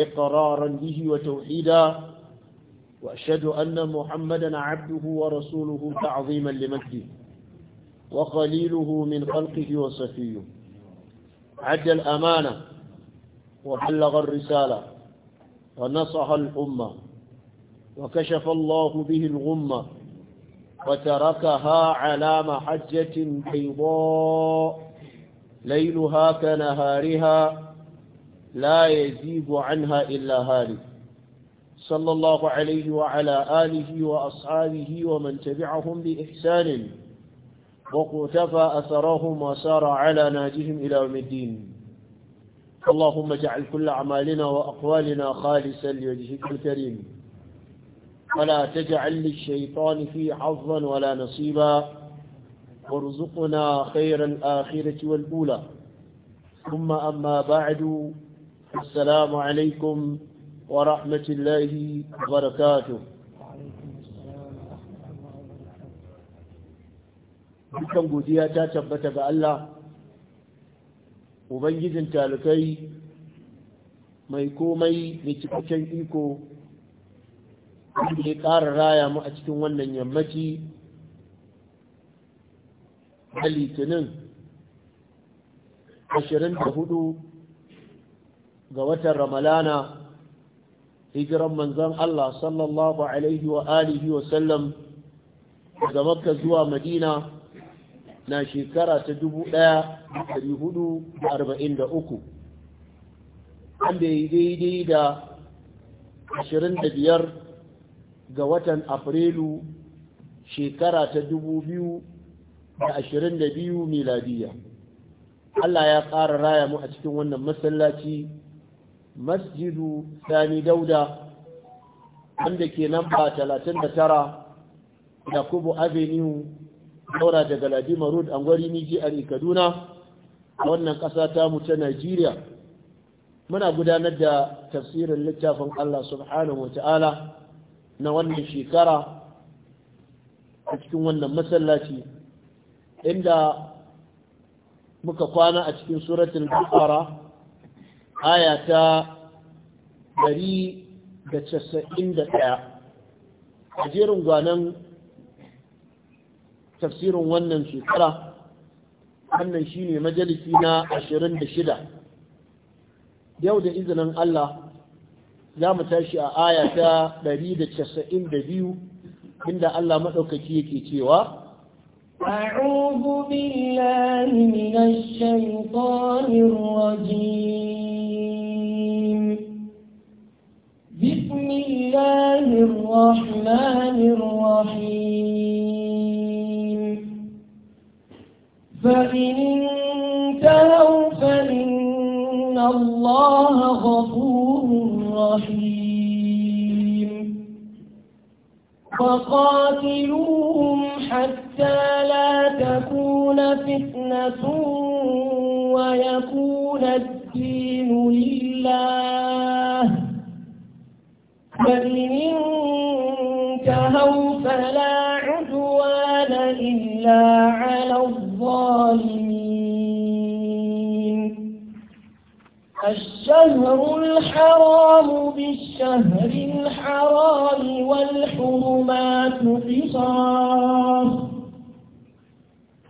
إقرارا به وتوحيدا وأشهد أن محمدا عبده ورسوله تعظيما لمجده وقليله من خلقه وصفيه عد الأمانة وبلغ الرسالة ونصح الأمة وكشف الله به الغمة وتركها على محجة بيضاء ليلها كنهارها لا يزيد عنها إلا هالك صلى الله عليه وعلى آله وأصحابه ومن تبعهم بإحسان وقتفى أثرهم وسار على ناجهم إلى يوم الدين اللهم اجعل كل أعمالنا وأقوالنا خالصا لوجهك الكريم ولا تجعل للشيطان في حظا ولا نصيبا وارزقنا خير الآخرة والأولى ثم أما بعد السلام عليكم ورحمة الله وبركاته dukkan godiya ta tabbata ga Allah ubangijin talukai mai komai mai cikakken iko wanda ƙara raya mu a cikin wannan yammaci a litinin 24 ga watan ramalana hijiran manzan Allah sallallahu alaihi wa alihi wa sallam daga makka zuwa madina na shekara ta 1443 wanda ya daidai da 25 ga watan afrilu shekara ta 2022 miladiya Allah ya ƙara raya mu a cikin wannan masallaci masjidu sani dauda wanda ke namba 39 da kubu avenue daura daga ladima road an gwari niji a kaduna a wannan ƙasa ta ta najeriya muna gudanar da tafsirin littafin allah subhanahu wa ta'ala na wannan shekara a cikin wannan masallaci inda muka kwana a cikin suratul baqara aya ta da da casa'in ɗaya, a jerin gwanon tafsirin wannan shekara wannan shi ne majalisi na ashirin da shida. yau da izinin Allah za mu tashi a aya ta da da casa'in biyu, inda Allah maɗaukaki yake cewa أعوذ بالله من الشيطان الرجيم بسم الله الرحمن الرحيم فإن انتهوا فإن الله غفور رحيم فقاتلوهم حتى لا تكون فتنة ويكون الدين لله منك انتهوا فلا عدوان إلا على الظالمين الشهر الحرام بالشهر الحرام والحرمات قصاص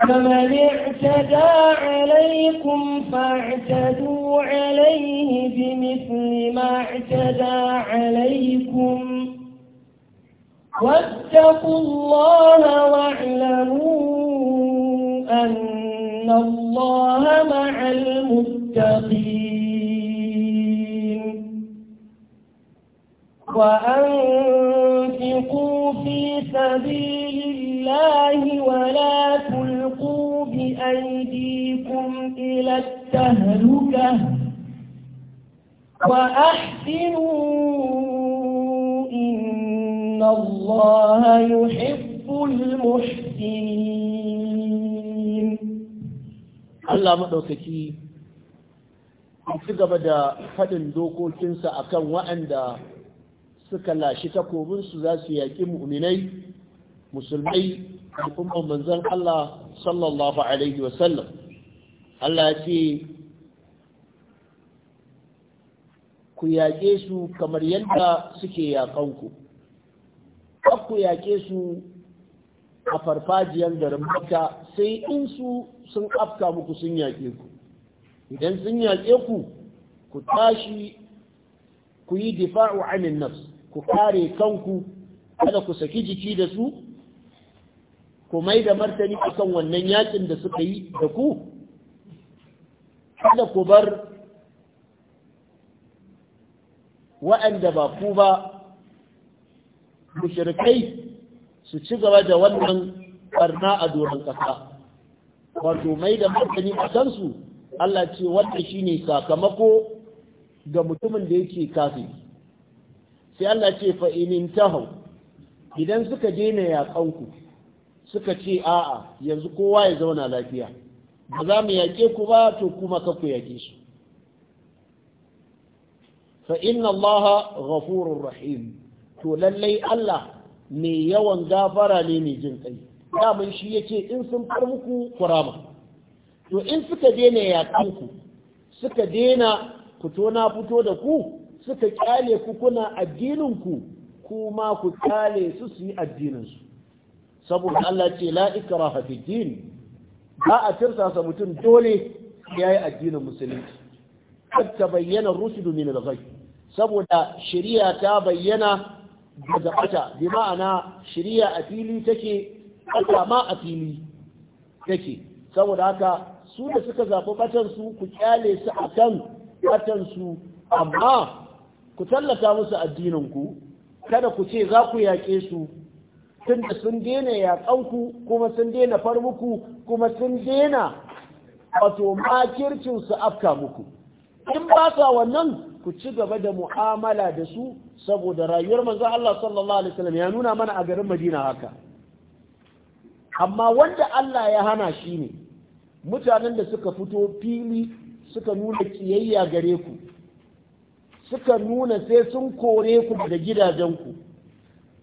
فمن اعتدى عليكم فاعتدوا عليه بمثل ما اعتدى عليكم واتقوا الله واعلموا أن الله مع المتقين وأنفقوا في سبيل الله ولا تنفقوا أيديكم إلى التهلكة وأحسنوا إن الله يحب المحسنين الله مدوكتي ci gaba da faɗin dokokinsa a kan waɗanda suka lashi takobinsu za su yaƙi mu'minai musulmai al'ummar manzon Allah sallallahu alaihi wasallam Allah ya ce ku yaƙe su kamar yadda suke yaƙan ku ku yaƙe su a farfajiyar garin makka sai in su sun afka muku sun yaƙe ku idan sun yaƙe ku ku tashi ku yi difa'u anin nafs ku kare kanku kada ku saki jiki da su ku mai da martani akan wannan yakin da suka yi da ku kada ku bar wa'anda ba ku ba mushirkai su ci gaba da wannan barna a doron ƙasa wato mai da martani a kansu Allah ce wanda shi ne sakamako ga mutumin da yake kafiri sai Allah ce fa'inin tahau idan suka daina ku. suka ce a'a yanzu kowa ya zauna lafiya ba za mu yaƙe ku ba to kuma ka ku yaƙe su fa inna Allah ghafurur rahim to lallai Allah mai yawan gafara ne mai jin kai daman shi yace in sun far muku kurama to in suka daina ya ku suka daina fito na fito da ku suka kyale ku kuna addinin ku kuma ku kyale su su yi addinin su saboda Allah ce la ikraha fi din ba a tirsasa mutum dole yayi addinin musulunci kad bayyana rusul min al-ghayb saboda shari'a ta bayyana daga bata bi ma'ana shari'a a fili take Allah ma a fili take saboda haka su da suka batan su ku kyale su a kan su amma ku tallata musu addinin ku kada ku ce za ku yaƙe su tunda sun daina yaƙanku kuma sun daina far muku kuma sun daina wato makircin su afka muku in ba sa wannan ku ci gaba da mu'amala da su saboda rayuwar manzo Allah sallallahu alaihi wasallam ya nuna mana a garin Madina haka amma wanda Allah ya hana shi ne mutanen da suka fito fili suka nuna kiyayya gare ku suka nuna sai sun kore ku daga ku.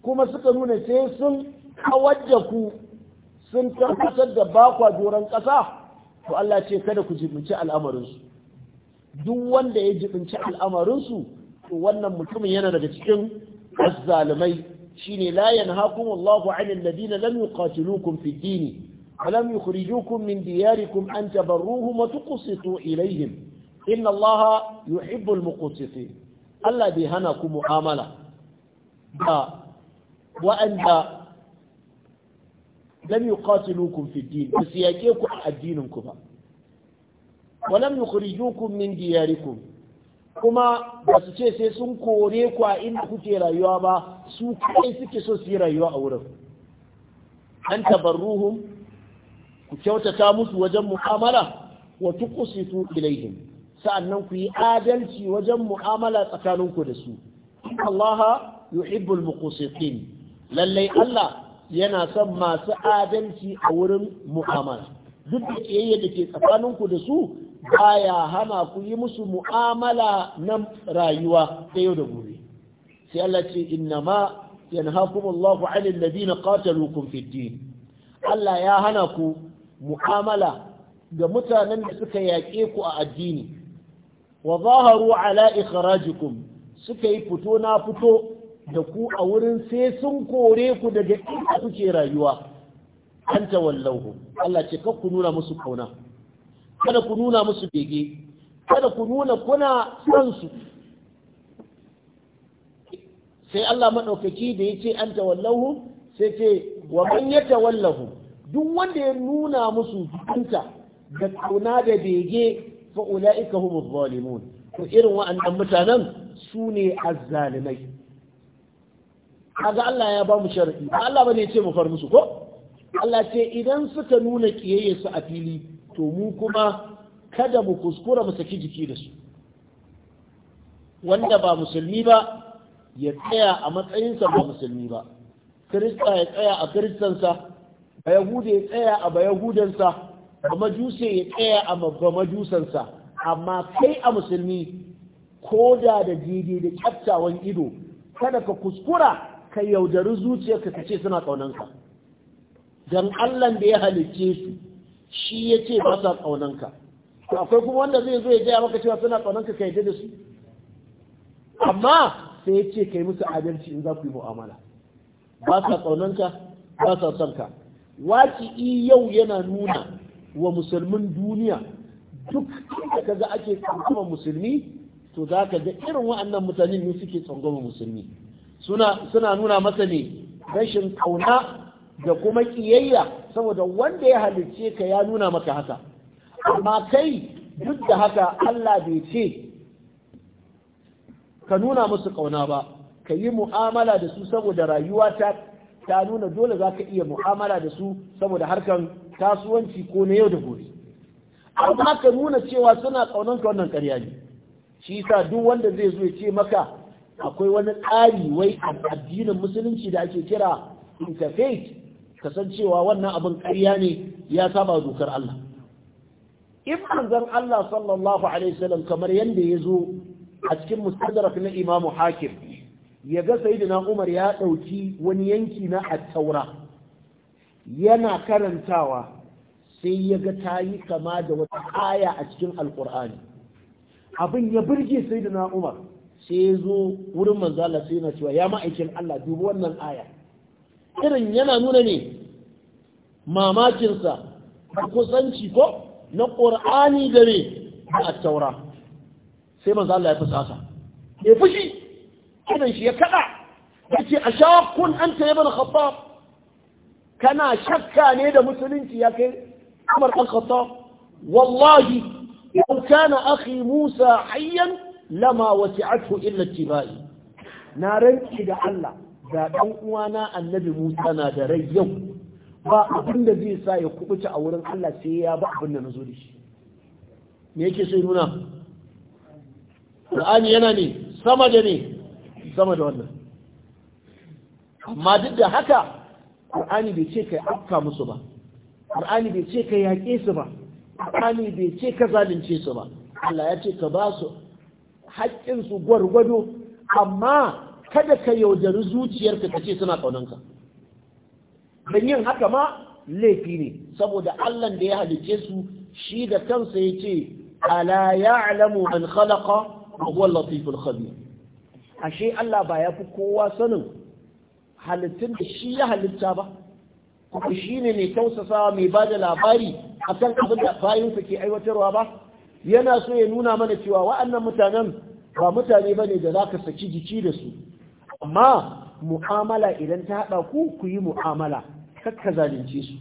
kuma suka nuna sai sun kawar da ku sun tabbatar da bakwa doron ƙasa to Allah ce kada ku jibinci al'amarinsu duk wanda ya jibinci al'amarinsu to wannan mutumin yana daga cikin azzalumai shine la yanhaakum Allahu 'anil ladina lam yuqatilukum fid din wa lam yukhrijukum min diyarikum an tabarruhum wa tuqsitu ilayhim inna Allaha yuhibbul muqsitin Allah bai hana ku mu'amala ba wa'anda lam yuqatilukum fi din ba su ku a addinin ku ba wa lam yukhrijukum min diyarikum kuma ba su ce sai sun kore ku a inda kuke rayuwa ba su kai suke so su yi rayuwa a wurin an tabarruhum ku kyautata musu wajen mu'amala wa tuqsitu ilaihim sa'annan ku yi adalci wajen mu'amala tsakaninku da su Allah yuhibbul muqsitin lallai Allah yana son masu adalci a wurin mu'amala duk da kiyayya da ke tsakaninku da su baya hana ku yi musu mu'amala na rayuwa ta yau da gobe sai Allah ce inna ma yanhakumullahu 'anil ladina qataluukum fid din Allah ya hana ku mu'amala ga mutanen da suka yaƙe ku a addini wa zaharu ala ikhrajikum suka yi fito na fito da ku a wurin sai sun kore ku daga inda kuke rayuwa an ta wallahu. Allah ce kar ku nuna musu kauna kada ku nuna musu bege kada ku nuna kuna son su sai Allah madaukaki da yace an ta wallahu, sai ce wa man yatawallahu duk wanda ya nuna musu jikinta da kauna da bege fa ulaika humu zalimun to irin wa'annan mutanen su ne azzalimai kaga Allah ya ba mu sharadi Allah bane ya ce mu far musu ko Allah ce idan suka nuna kiyayyarsu a fili to mu kuma kada mu kuskura mu saki jiki da su wanda ba musulmi ba ya tsaya a matsayinsa ba musulmi ba kirista ya tsaya a kiristansa ba yahuda ya tsaya a ba sa ba majuse ya tsaya a ba sa amma kai a musulmi ko da da daidai da kyaftawan ido kada ka kuskura ka yaudari zuciyarka ka ce suna ƙaunanka don allan da ya halicce su shi ya ce ba sa ƙaunanka akwai kuma wanda zai zo ya gaya maka cewa suna ƙaunanka ka yadda da su amma sai ya ce ka yi musu adalci in za ku yi mu'amala ba sa ƙaunanka ba sa son ka i yau yana nuna wa musulmin duniya duk da kaga ake tsangwama musulmi to za ka ga irin wa'annan mutanen ne suke tsangwama musulmi suna nuna masa ne rashin kauna da kuma kiyayya saboda wanda ya halicce ka ya nuna maka haka amma kai duk da haka Allah bai ce ka nuna musu kauna ba ka yi mu'amala da su saboda rayuwa ta ta nuna dole za ka iya mu'amala da su saboda harkan kasuwanci ko na yau da gobe amma ka nuna cewa suna kaunan ka wannan ƙarya ne shi sa duk wanda zai zo ya ce maka akwai wani tsari wai addinin musulunci da ake kira interfaith kasancewa wannan abin ƙarya ne ya saba dokar Allah in manzon Allah sallallahu alaihi wasallam kamar yanda ya zo a cikin mustadrak na Imam Hakim ya ga sayyidina Umar ya dauki wani yanki na at-Taura yana karantawa sai ya ga tayi kama da wata aya a cikin Al-Qur'ani abin ya burge sayyidina Umar sai ya zo wurin manzo Allah sai yana cewa ya ma'aikin Allah dubi wannan aya irin yana nuna ne mamakinsa da kusanci ko na ƙur'ani da a taura sai manzo Allah ya sa. ya fushi idan shi ya kada yace ashaqun ya ban khattab kana shakka ne da musulunci ya kai Amar al-Khattab wallahi لو كان أخي musa hayyan lama wasi'athu illa tibai na ranci da Allah da ɗan uwana annabi Musa na da rai yau ba abin da zai sa ya kubuta a wurin Allah sai ya ba abin da nazo da shi me yake sai nuna Qur'ani yana ne sama da ne sama da wannan amma duk da haka Qur'ani bai ce kai afka musu ba Qur'ani bai ce kai yaƙe su ba Qur'ani bai ce ka zalunce su ba Allah ya ce ka ba su haƙƙinsu gwargwado amma kada ka yaudari zuciyarka ka ce suna ƙaunanka don yin haka ma laifi ne saboda allah da ya halice su shi da kansa ya ce ala ya'lamu an khalaqa wa huwa latiful khabir ashe allah ba ya fi kowa sanin halittun da shi ya halitta ba kuma shi ne mai tausasa mai ba da labari a kan abin da ke aiwatarwa ba yana so ya nuna mana cewa wa'annan mutanen ba mutane ba ne da za ka saki jiki da su amma mu'amala idan ta haɗa ku ku yi mu'amala kakka zalunce su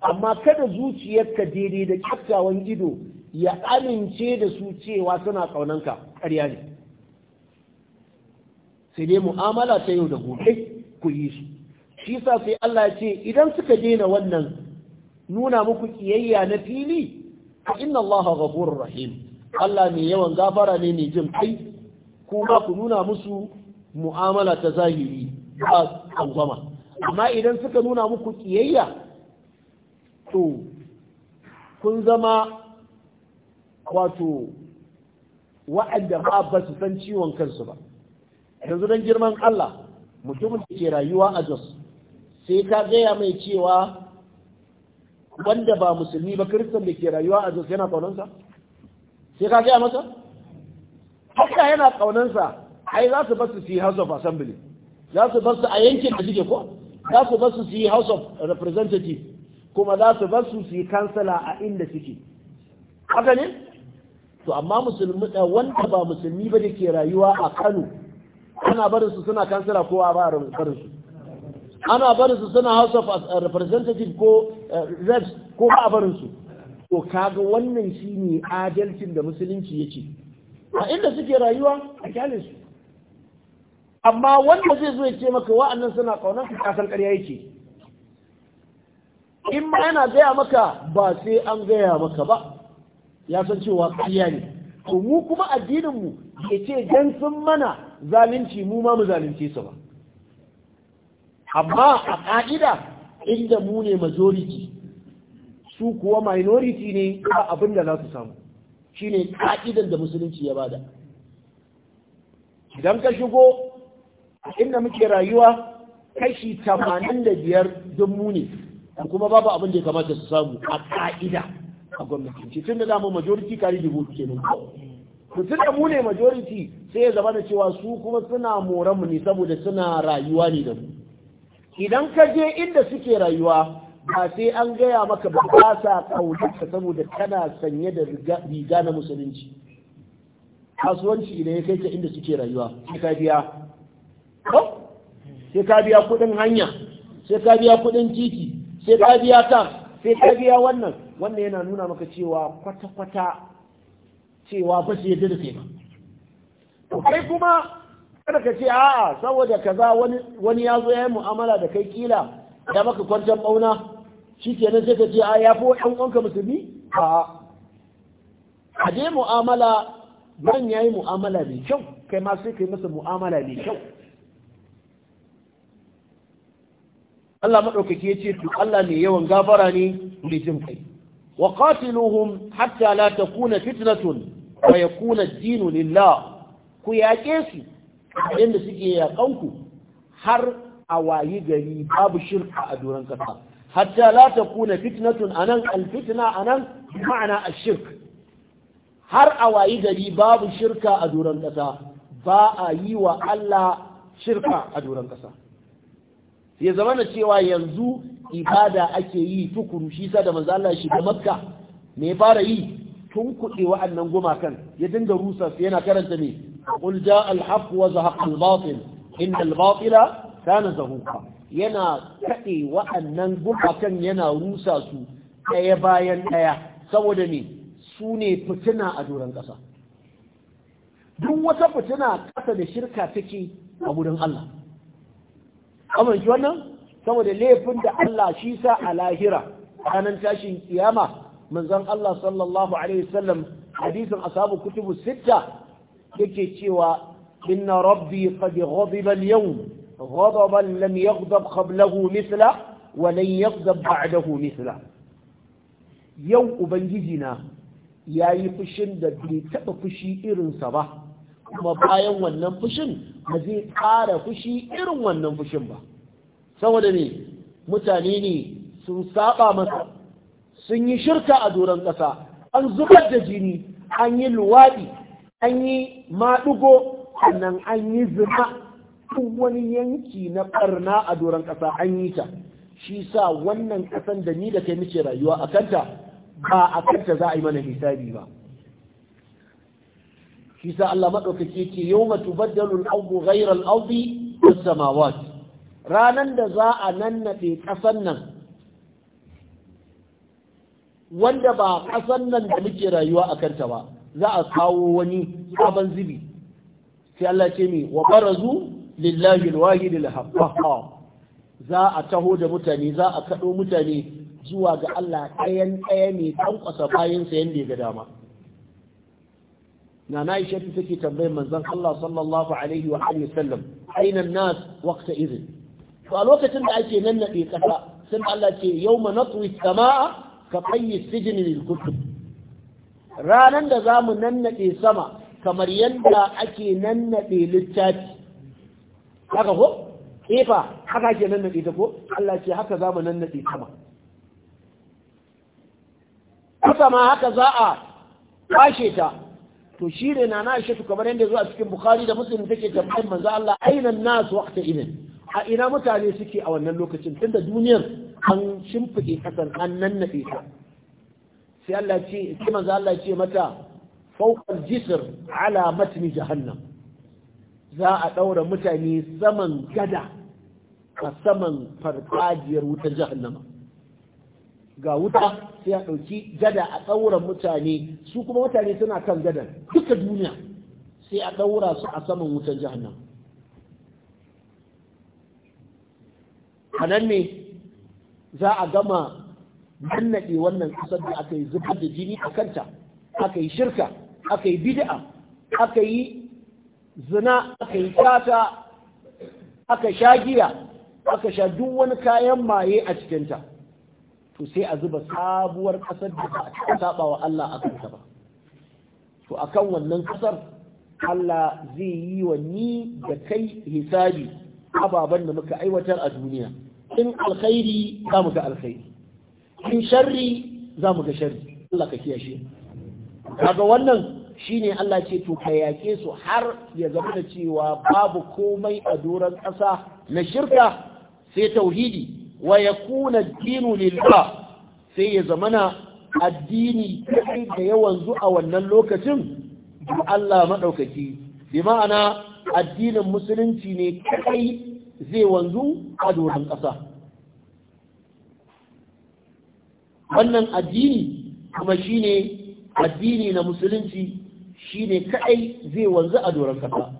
amma kada zuciyarka daidai da kyaftawan ido ya amince da su cewa suna ƙaunanka ƙarya ne sai dai mu'amala ta yau da gobe ku yi su shi sa sai Allah ya ce idan suka daina wannan nuna muku kiyayya na fili inna Allah ghafurur rahim Allah ne yawan gafara ne ne jin kai kuma ku nuna musu mu'amala ta zahiri ba tsangwama amma idan suka nuna muku kiyayya to kun zama wato wa'anda ba ba su san ciwon kansu ba yanzu don girman Allah mutumin da ke rayuwa a Jos sai ka gaya mai cewa wanda ba musulmi ba kiristan da ke rayuwa a Jos yana kaunansa sai ka gaya masa Allah yana kaunansa ai za su basu su yi house of assembly za su basu a yankin da suke ko za su basu su yi house of representative kuma za su basu su yi kansala a inda suke haka ne to amma musulmi da eh, wanda ba musulmi ba da ke rayuwa a Kano ana barin su suna kansala ko a barin su ana barin su suna house of eh, representative ko eh, reps ko ba a barin su to kaga wannan shine adalcin da musulunci yake a inda suke rayuwa a kyale su amma wanda zai zo ya ce maka wa'annan suna kaunar ka kasar ƙarya yake in ma yana gaya maka ba sai an gaya maka ba ya san cewa ƙarya ne to mu kuma addinin mu ya ce dan sun mana zalunci mu ma mu zalunce su ba amma a ƙa'ida inda mu ne majority su kuwa minority ne ba abin da za su samu Shi ne ka'idan da musulunci ya bada idan ka shigo a inda muke rayuwa kashi tamanin da biyar don muni da kuma babu abin da ya kamata su samu a ka'ida a gwamnati tun da dama majority kari dubu kenan to Mutum da mune majority sai ya zama da cewa su kuma suna moran mu ne saboda suna rayuwa ne da mu idan ka je inda suke rayuwa ba sai an gaya maka ba ba sa kaunarka saboda kana sanye da riga na musulunci kasuwanci idan ya kai ka inda suke rayuwa sai ka biya ko sai ka biya kudin hanya sai ka biya kudin titi sai ka biya ta sai ka biya wannan wannan yana nuna maka cewa kwata-kwata cewa ba su yadda da kai ba To kai kuma kada ka ce a'a saboda kaza wani ya zo ya yi mu'amala da kai kila ya maka kwantar bauna shi nan sai ka ce a ya fi wa uwanka musulmi a a je mu'amala man ya yi mu'amala mai kyau kai ma sai kai masa mu'amala mai kyau Allah maɗaukaki ya ce to Allah ne yawan gafara ne mai jin kai wa qatiluhum hatta la takuna fitnatun wa yakuna ad-dinu lillah ku yaƙe su inda suke yaƙanku har a wayi gari babu shirka a doron kasa hatta la kuna fitnatun anan alfitna anan ma'ana ashirk har a wayi gari babu shirka a duran ƙasa, ba a yi wa Allah shirka a duran ƙasa. ya zama na cewa yanzu ibada ake yi tukun shi sa da manzo shi da Makka me fara yi tun kuɗe wa'annan gumakan ya dinga rusa su yana karanta mai qul jaa al-haqq wa zahaqa al-batil inna al-batila kana zahuqa yana kaɗe wa'annan gumakan yana rusa su ɗaya bayan ɗaya saboda ne su ne fitina a doron ƙasa duk wata fitina ƙasa da shirka take a gudun Allah amince wannan saboda laifin da Allah shi sa a lahira ranar tashin kiyama manzon Allah sallallahu alaihi wasallam hadisin ashabu kutubu sitta yake cewa inna rabbi qad ghadiba al-yawm غضبا لم يغضب قبله مثله ولن يغضب بعده مثله yau ubangijina ya yi fushin da bai taɓa fushi irinsa ba kuma bayan wannan fushin ba zai ƙara fushi irin wannan fushin ba saboda ne mutane ne sun saɓa masa sun yi shirka a doron ƙasa an zubar da jini an yi luwaɗi an yi maɗugo sannan an yi zina duk wani yanki na ƙarna a doron ƙasa an yi ta shi sa wannan ƙasan da ni da kai muke rayuwa a kanta ba a kanta za a yi mana hisabi ba shi sa Allah maɗaukaki ke yau matu baddalul abu ghairar albi da samawat ranar da za a nannaɗe ƙasan nan wanda ba ƙasan nan da muke rayuwa a kanta ba za a kawo wani sabon zubi sai Allah ce mai wa barazu lillahi alwahid alhaqqa za a taho da mutane za a kado mutane zuwa ga Allah ɗayan ɗaya ne kan kwasa bayan sa yanda ga dama na na isha take tambayar manzon Allah sallallahu alaihi wa alihi sallam aina nas waqta idhin to a lokacin da ake nan nade kasa sun Allah ce yawma natwi samaa ka qayyi sijni lil kutub ranan da zamu nan nade sama kamar yadda ake nan nade littafi haka ko ifa eh haka ke nan nade ko Allah ce haka za mu nan nade sama haka ma haka za a kashe ta to shi ne na na shi kamar yadda zuwa cikin bukhari da muslim take tambayar manzo Allah aina nas waqta idin a ina mutane suke a wannan lokacin tunda duniyar an shimfide kasan an nan nade ta sai Allah ce sai manzo Allah ce mata fawqa al-jisr ala matni jahannam za a ɗaura mutane saman gada a saman farfajiyar wutar jahannama ga wuta sai a ɗauki gada a ɗaura mutane su kuma mutane suna kan gada duka duniya sai a ɗaura su a saman wutar jahannama a nan ne za a gama nannaɗe wannan ƙasar da aka yi zubar da jini a kanta aka yi shirka aka yi bid'a aka yi zina aka yi tata aka sha giya aka sha duk wani kayan maye a cikinta to sai a zuba sabuwar ƙasar da ba a saba wa Allah a kanta ba to akan wannan ƙasar Allah zai yi wa ni da kai hisabi ababen da muka aiwatar a duniya in alkhairi za mu ga alkhairi in sharri za mu ga sharri Allah ka kiyashe kaga wannan shine Allah ce to ka yaƙe su har ya zama da cewa babu komai a doron ƙasa na shirka sai tauhidi wa yakuna dinu lillah sai ya zamana addini kai da yawan zu a wannan lokacin da Allah maɗaukaki bi ma'ana addinin musulunci ne kai zai wanzu a doron ƙasa wannan addini kuma shine addini na musulunci shine kadai zai wanzu a doron kasa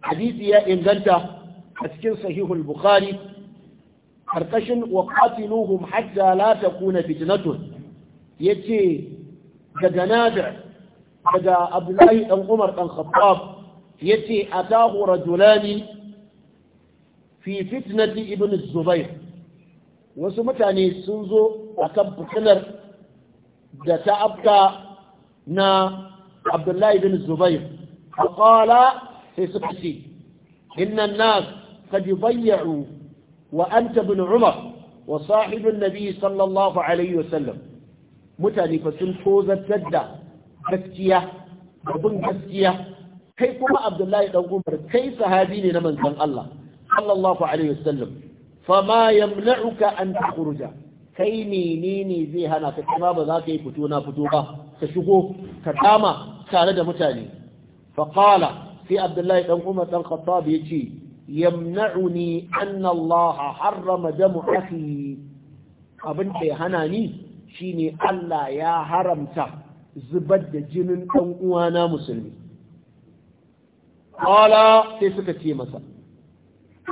hadisi ya inganta a cikin sahihul bukhari karkashin wa qatiluhum lata la takuna fitnatun ce daga nabi daga abdullahi dan umar ɗan khattab yace atahu rajulani fi fitnati ibn zubair wasu mutane sun zo kan fitinar da ta na abdullahi bin zubair qala sai suka ce inna an-nas qad wa anta ibn umar wa sahibin nabi sallallahu alaihi wasallam mutane fa sun tozartar da gaskiya da bin gaskiya kai kuma abdullahi dan umar kai sahabi ne na manzon Allah sallallahu alaihi wasallam fama yamna'uka an takhruja kai menene zai hana ka kuma ba za ka yi fito na fito ba ka shigo ka kama tare da mutane faƙala sai abdullahi ɗan umar ɗan khattab ya ce yamna'uni anna allaha harrama damu akhi abin da ya hana ni shine Allah ya haramta zubar da jinin ɗan uwana musulmi qala sai suka ce masa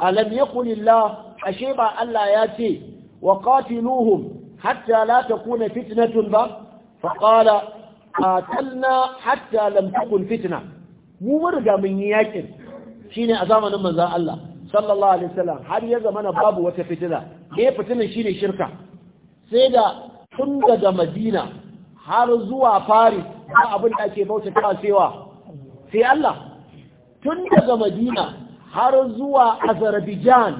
alam yaqul Allah ashe ba Allah ya ce wa qatiluhum hatta la kuna fitnatun ba Faƙala. qatalna hatta lam takun fitna mu riga mun yi yakin shine a zamanin manzon Allah sallallahu alaihi wasallam har ya zamana babu wata fitila. eh fitinan shine shirka sai da tun daga Madina har zuwa Paris ba abin da ake ta cewa sai Allah tun daga Madina har zuwa Azerbaijan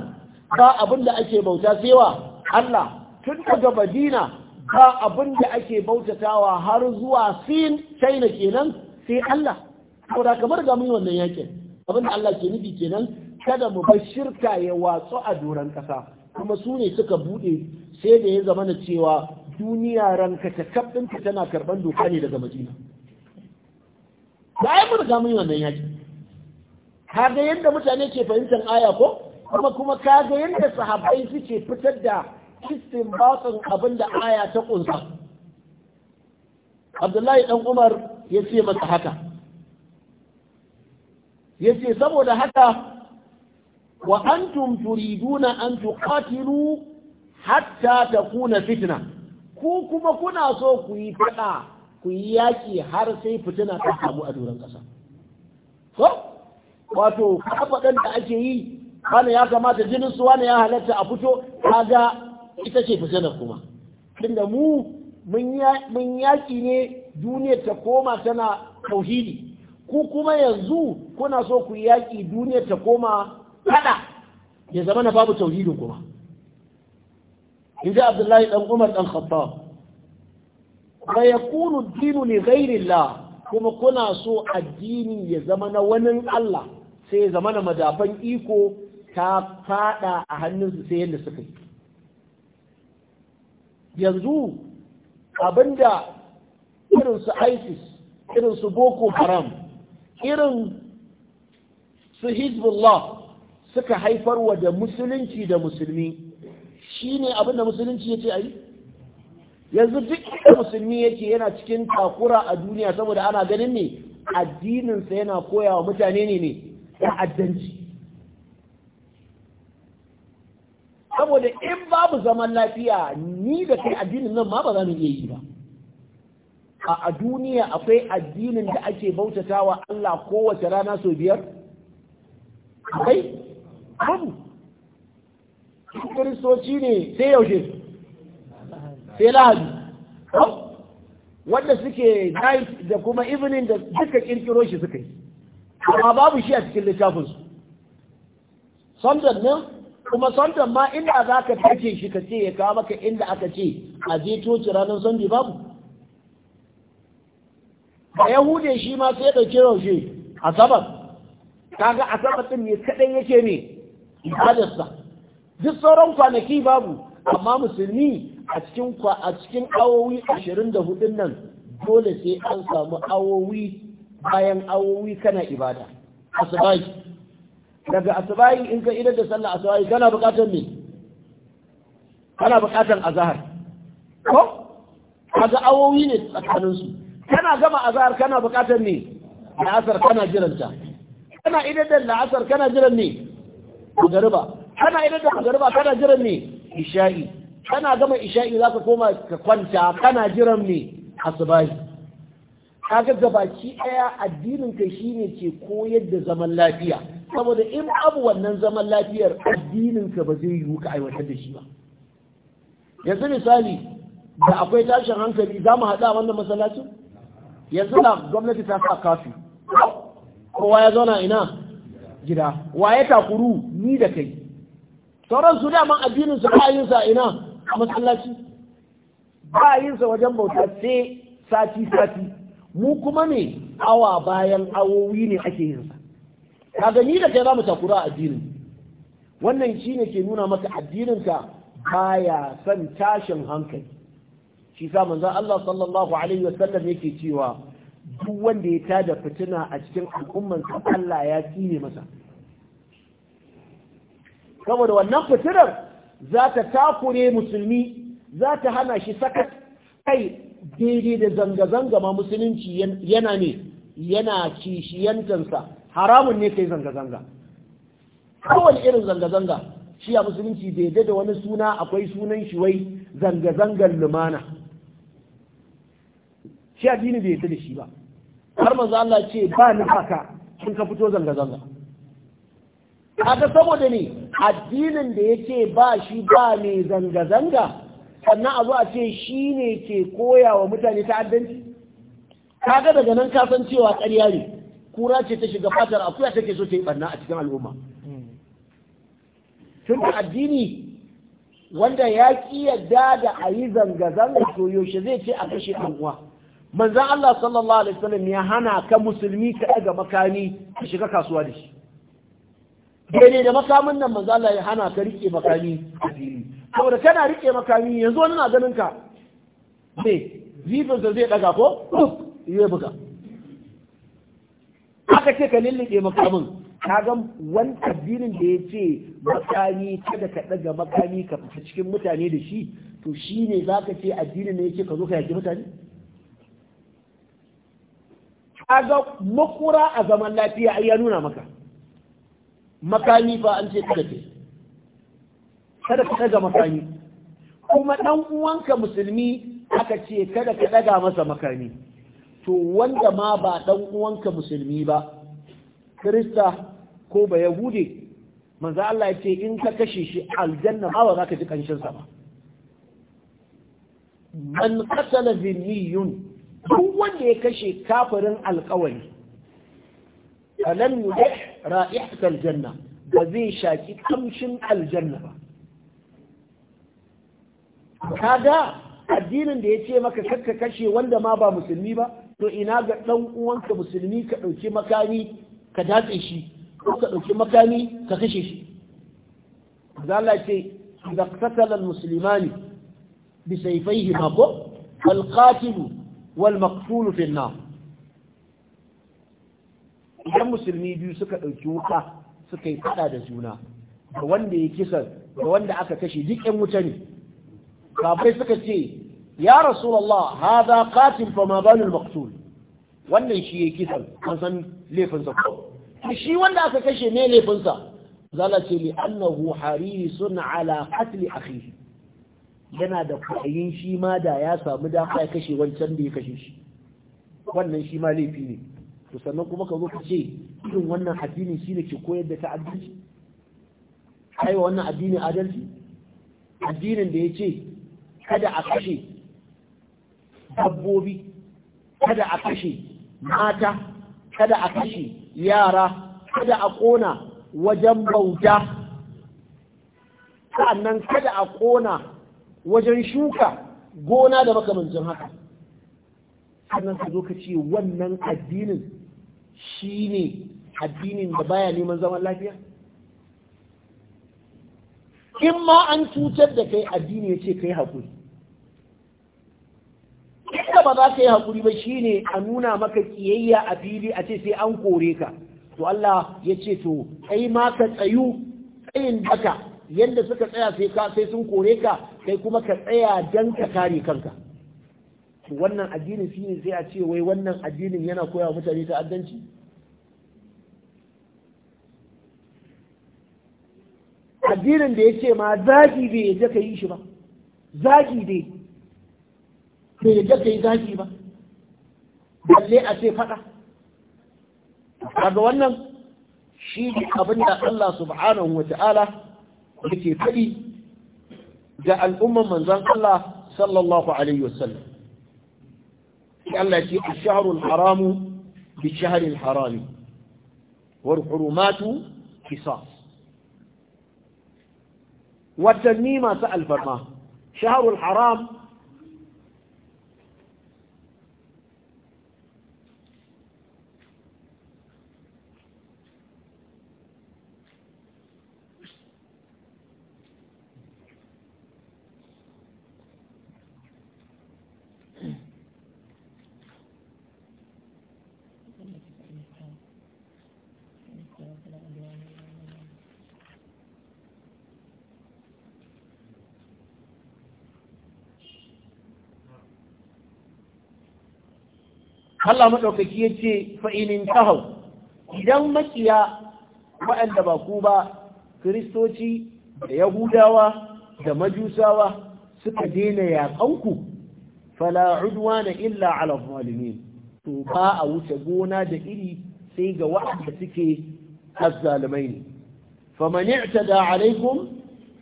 ba abin da ake bauta cewa Allah tun daga Madina ka abin da ake bautatawa har zuwa sin china kenan sai Allah da kamar ga mun wannan yakin abin da Allah ke nufi kenan kada mu bar shirka ya watsu a doron kasa kuma su ne suka bude sai da ya zama na cewa duniya ranka ta ta tana karban doka ne daga madina bayan mun ga mun yi wannan yaki kaga yadda mutane ke fahimtar aya ko kuma kuma kaga yadda sahabbai suke fitar da istinbatsin abin da aya ta kunsa abdullahi ɗan umar ya ce masa haka ya ce saboda haka wa antum turiduna an tuqatilu hatta ta kuna fitna ku kuma kuna so ku yi fada ku yi yaki har sai fitina ta samu a duran kasa so wato kafadan da ake yi wani ya kamata jinin su wani ya halatta a fito kaga ita ce fitina kuma tunda mu mun yaki ne duniyar ta koma tana tauhidi ku kuma yanzu kuna so ku yaki duniyar ta koma kada ya zama na babu tauhidin kuma inda abdullahi Ɗan umar Ɗan khatta ba ya kunu dinu ne la kuma kuna so addini ya zama na wani Allah sai ya zama na madafan iko ta fada a hannunsu sai yadda suka yi yanzu abinda irin su isis irin su boko haram irin su hezbollah suka haifarwa da musulunci da musulmi shi ne abinda musulunci ya ce a yi yanzu duk da musulmi yake yana cikin takura a duniya saboda ana ganin ne addininsa yana koya wa mutane ne ne ta'addanci saboda in babu zaman lafiya ni da kai addinin nan ma ba za mu iya yi ba a duniya akwai addinin da ake bautatawa Allah kowace rana sau biyar akwai abu kiristoci ne sai yaushe sai lahadi wanda suke night da kuma evening da duka kirkiro shi suka yi amma babu shi a cikin littafinsu sunday nan kuma sandan ma inda za ka tace shi ka ce ya kawo maka inda aka ce a je coci ranar sandi babu a yahude shi ma sai ɗauke yaushe asabar kaga asabar ɗin ne kaɗai yake ne ibadarsa duk sauran kwanaki babu amma musulmi a cikin kwa a cikin awowi ashirin da hudun nan dole sai an samu awowi bayan awowi kana ibada daga asubahi in ka idan da sallah, asubahi kana buƙatar me kana buƙatar azahar ko kaga awowi ne tsakaninsu kana gama azahar kana buƙatar me la'asar kana jiranta kana idan da la'asar kana jiran me magariba kana idan da magariba kana jiran me isha'i kana gama isha'i za ka koma ka kwanta kana jiran me asubahi kaga gabaki ɗaya addinin ka shine ke koyar da zaman lafiya saboda in abu wannan zaman lafiyar ka ba zai yiwu ka aiwatar da shi ba yanzu misali da akwai tashin hankali za mu haɗa wannan masallacin yanzu na gwamnati ta sa kafi kowa ya zauna ina gida wa ya takuru ni da kai sauran su daman addinin su sa ina a masallaci ba sa wajen bauta sai sati sati mu kuma ne awa bayan awowi ne ake yinsa kaga ni da kai za mu takura addinin wannan shine ke nuna maka addinin ka baya son tashin hankali shi sa manzon Allah sallallahu alaihi wasallam yake cewa duk wanda ya tada fitina a cikin al'ummansa Allah ya tsine masa saboda wannan fitinar za ta takure musulmi za ta hana shi saka kai daidai da zanga-zanga ma musulunci yana ne yana kishiyantansa haramun ne kai zanga-zanga kowane irin zanga-zanga shi a musulunci bai dade da wani suna akwai sunan shi wai zanga-zangar lumana shi addini bai yadda da shi ba har manzo Allah ce ba ni haka sun ka fito zanga-zanga kaga saboda ne addinin da yake ba shi ba ne zanga-zanga sannan a zo a ce shi ne ke koya wa mutane ta'addanci kaga daga nan kasan cewa ƙarya ne kura ce ta shiga fatar akuya take so ta yi barna a cikin al'umma tun da addini wanda ya ki yadda da a yi zanga-zanga to yaushe zai ce a kashe uwa manzan Allah sallallahu alaihi wasallam ya hana ka musulmi ka daga makami ka shiga kasuwa da shi daidai da makamin nan manzan Allah ya hana ka rike makami a fili kana rike makami yanzu wani na ganin ka me zifin zai ɗaga ko ya buga aka ce ka lullube makamin ka ga wani addinin da ya ce makami kada ka daga makami ka fita cikin mutane da shi to shi ne za ka ce addinin ne ya ce ka zo ka yaki mutane ka ga makura a zaman lafiya ai ya nuna maka makami ba an ce kada ce kada ka daga makami kuma dan uwanka musulmi aka ce kada ka daga masa makami to wanda ma ba dan uwanka musulmi ba krista ko ba Yahudi, manzo Allah ya ce in ka kashe shi aljanna ma ba za ka ji kanshin sa ba man qatala zinniyun duk wanda ya kashe kafirin alƙawari alam da ra'ihatal aljanna ba zai shaki ƙamshin aljanna ba kaga addinin da ya ce maka kakka kashe wanda ma ba musulmi ba to ina ga ɗan uwanka musulmi ka ɗauki makami ka datse shi ko ka ɗauki makami ka kashe shi zala ce da katalar musulmani bi saifaihi mako alƙatilu wal maktulu finna idan musulmi biyu suka ɗauki wuta suka yi faɗa da juna da wanda ya kisa da wanda aka kashe duk 'yan wuta ne kafai suka ce ya rasulullah hadha qatil fa ma balul maqtul wannan shi ya kisan an san laifin sa shi wanda aka kashe ne laifin sa zala ce li annahu harisun ala qatl akhihi yana da kwayin shi ma da ya samu dama ya kashe wancan da ya kashe shi wannan shi ma laifi ne to sannan kuma ka zo ka ce irin wannan addini shi ne ke koyar da ta'addanci ai wannan addini adalci addinin da ya ce kada a kashe dabbobi kada a kashe mata kada a kashe yara kada a ƙona wajen bauta sannan kada a ƙona wajen shuka gona da makamancin haka sannan ka zo ka ce wannan addinin shi ne addinin da baya neman zaman lafiya in ma an cutar da kai addini ya ce kai haƙuri da ba za ka yi hakuri ba shine a nuna maka kiyayya a fili a ce sai an kore ka to Allah ya ce to kai ma ka tsayu tsayin daka yadda suka tsaya sai ka sai sun kore ka kai kuma ka tsaya dan ka kare kanka to wannan addinin ne sai a ce wai wannan addinin yana koya wa mutane ta'addanci addinin da ya ce ma zagi bai yadda ka yi shi ba zagi dai bai yadda ka yi zafi ba balle a ce faɗa daga wannan shi ne abin da Allah subhanahu wa ta'ala yake faɗi ga al'umman manzan Allah sallallahu alaihi wasallam Allah ce a shaharul haramu bi shaharil harami war hurumatu kisas watanni masu alfarma shaharul haram Allah maɗaukaki ya ce fa'inin tahau idan makiya waɗanda ba ku ba kiristoci da yahudawa da majusawa suka daina yaƙanku fala'udwa na illa ala zalimin to ba a wuce gona da iri sai ga waɗanda suke azzalumai ne a i'tada alaikum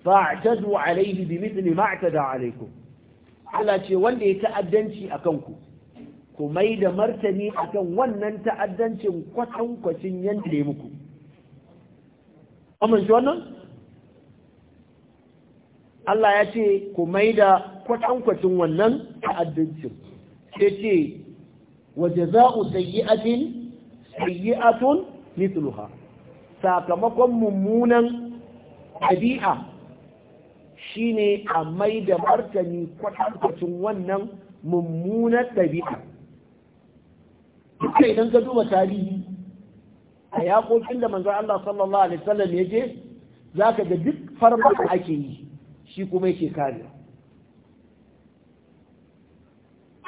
fa'tadu alaihi bi mithli ma da alaikum Allah ce wanda ya ta'addanci a kanku. ku mai da martani akan wannan ta'addancin kwatankwacin yadda ya muku amince wannan Allah ya ce ku mai da kwatankwacin wannan ta'addancin sai ce za ku sayi jaza'u sayi sayyi'atun mithluha sakamakon mummunan ɗabi'a shine a mai da martani kwatankwacin wannan mummunan ɗabi'a duka idan ka duba tarihi a yaƙoƙin da manzon Allah sallallahu alaihi wasallam ya je zaka ga duk farma da ake yi shi kuma yake kariya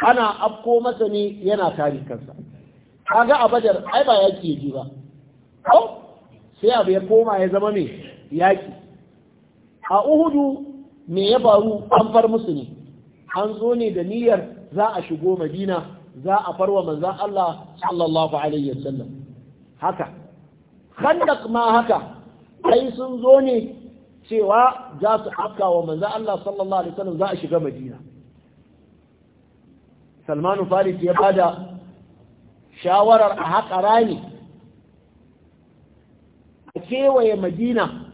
ana afko masa ne yana kare kansa kaga a badar ai ba yaki ji ba ko sai abu ya koma ya zama mai yaki a uhudu me ya faru an far musu ne an zo ne da niyyar za a shigo madina za a farwa manzan Allah sallallahu alaihi wasallam haka khandaq ma haka ai sun zo ne cewa za su afka wa manzan Allah sallallahu alaihi wasallam za a shiga Madina Salman Faris ya bada shawarar a haka rani a kewaye Madina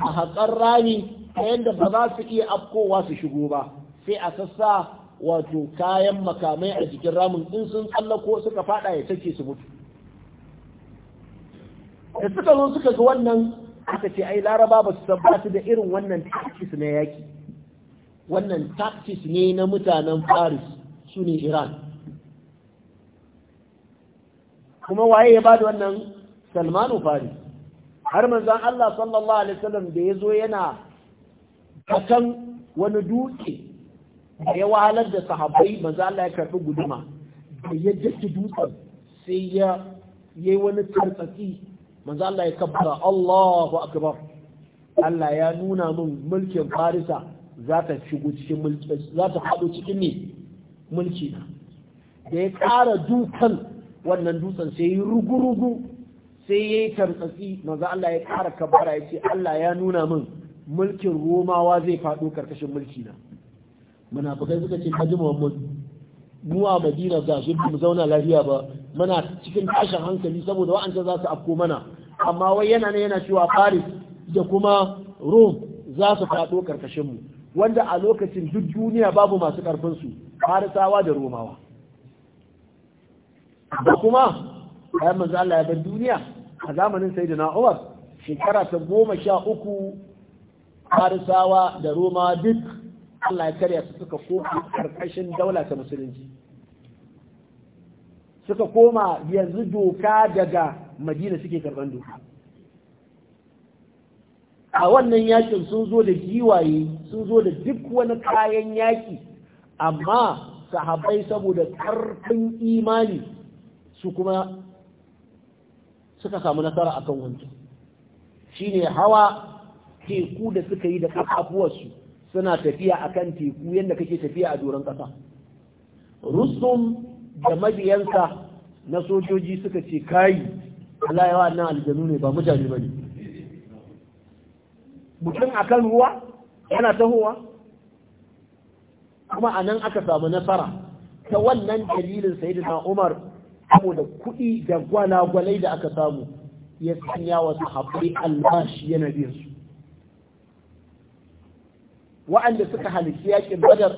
a haƙar rani ta yadda ba za su iya afkowa su shigo ba sai a sassa wato kayan makamai a jikin ramin in sun tsallako suka fada ya take su mutu da suka zo suka ga wannan aka ce ai laraba ba su tabbata da irin wannan taktis na yaki wannan taktis ne na mutanen paris su ne iran kuma waye ya bada wannan salmanu Fari? har manzan Allah sallallahu alaihi wasallam da ya zo yana kakan wani dutse da ya wahalar da sahabbai maza Allah ya karbi guduma da ya jaki dutsen sai ya yi wani tartsatsi maza Allah ya kabbara Allahu akbar Allah ya nuna min mulkin Farisa za ta shigo cikin mulki za ta hado cikin ne mulki na da ya kara dukan wannan dutsen sai ya rugurugu sai ya yi tartsatsi maza Allah ya ƙara kabbara ya ce Allah ya nuna min mulkin Romawa zai faɗo karkashin mulki na munafikai suka ce kaji muhammad mu a madina ga shi mu zauna lafiya ba muna cikin tashin hankali saboda wa'anta za su afko mana amma wai yana ne yana cewa paris da kuma rome za su faɗo karkashin mu wanda a lokacin duk duniya babu masu karfin su farisawa da romawa da kuma bayan manzo Allah ya bar duniya a zamanin sayyidina Umar shekara ta goma sha uku farisawa da romawa duk Allah ya karya su suka koma karkashin daula ta musulunci suka koma yanzu doka daga madina suke karban doka a wannan yakin sun zo da giwaye sun zo da duk wani kayan yaki amma sahabai saboda karfin imani su kuma suka samu nasara akan wancan shine hawa teku da suka yi da kafafuwarsu suna tafiya a kan teku yadda kake tafiya a doron ƙasa rusum da mabiyansa na sojoji suka ce kayi Allah ya aljanu ne ba mutane ba ne mutum a kan ruwa yana tahowa kuma a nan aka samu nasara ta wannan dalilin sai da umar saboda kuɗi da gwanagwalai da aka samu ya sanya wasu haɓe albashi yana biyansu. wa'anda suka halitta yakin badar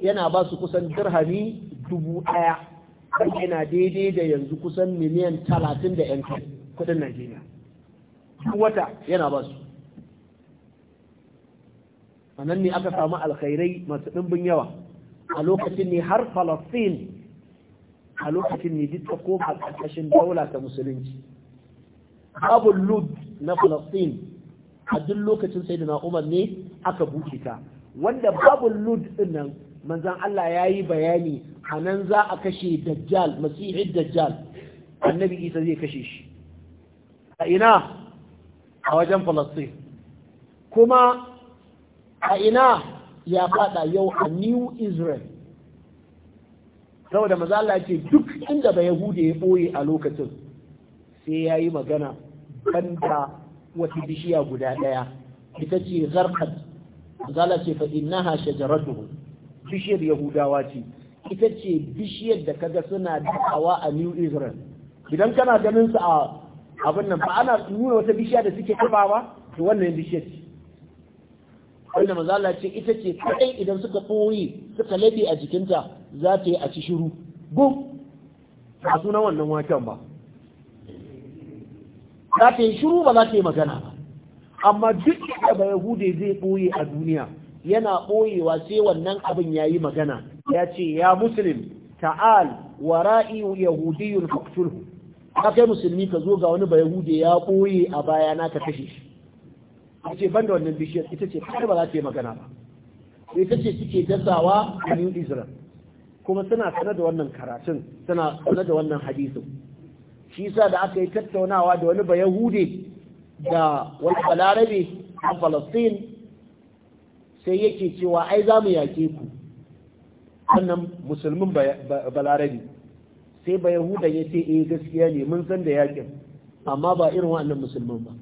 yana ba su kusan dirhami dubu ɗaya yana daidai da yanzu kusan miliyan talatin da yan kudin najeriya duk wata yana ba su a nan ne aka samu alkhairai masu ɗimbin yawa a lokacin ne har falastin a lokacin ne duk ta koma ƙarƙashin daula ta musulunci babu lud na falastin a duk lokacin da Umar ne aka buke ta wanda babu lud din nan manzon Allah ya yi bayani a nan za a kashe dajjal masihi dajjal annabi Isa zai kashe shi a ina a wajen Falastin kuma a ina ya fada yau a New Israel saboda maza Allah ce duk inda ba ya ɓoye a lokacin sai ya yi magana banda wata bishiya guda ɗaya ita ce zarkat zala ce fa innaha shajaratuhu bishiyar yahudawa ce ita ce bishiyar da kaga suna da'awa a new israel idan kana ganin su a abin nan ba ana nuna wata bishiya da suke taba ba to wannan bishiyar ce wanda mazala ce ita ce kadai idan suka koyi suka labe a jikinta za ta yi a ci shiru gum ba sunan wannan waken ba za ta yi shiru ba za ta yi magana ba amma duk da ba yahude zai ɓoye a duniya yana ɓoyewa sai wannan abin ya yi magana ya ce ya musulun ta'al wara'i yahudiyun faktulhu ka kai musulmi ka zo ga wani ba yahude ya ɓoye a baya na ka kashe shi a ce banda wannan bishiyar ita ce kar ba za ta yi magana ba ita ce suke dasawa a new israel kuma suna sanar da wannan karatun suna sanar da wannan hadisin shi sa da aka yi tattaunawa da wani bayahude da wani balarabe a falastin sai yake cewa ai za mu yake ku wannan musulmin balarabe sai bayahudan ya ce eh gaskiya ne mun san da yakin amma ba irin wannan Musulmin ba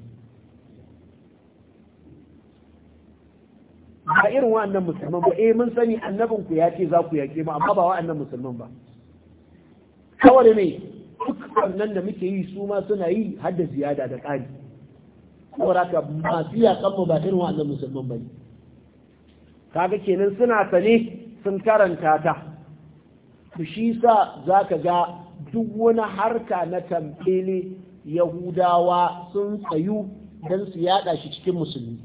ba irin wa'annan musulman ba eh mun sani annabin ku ya ce za ku yake mu amma ba wa'annan musulman ba kawai ne duk nan da muke yi su ma suna yi har da ziyada da ƙari kuma ka masu yaƙan mu ba irin wa'annan musulman bane kaga kenan suna sane sun karanta ta to shi sa zaka ga duk wani harka na tamfele yahudawa sun tsayu don su yada shi cikin musulmi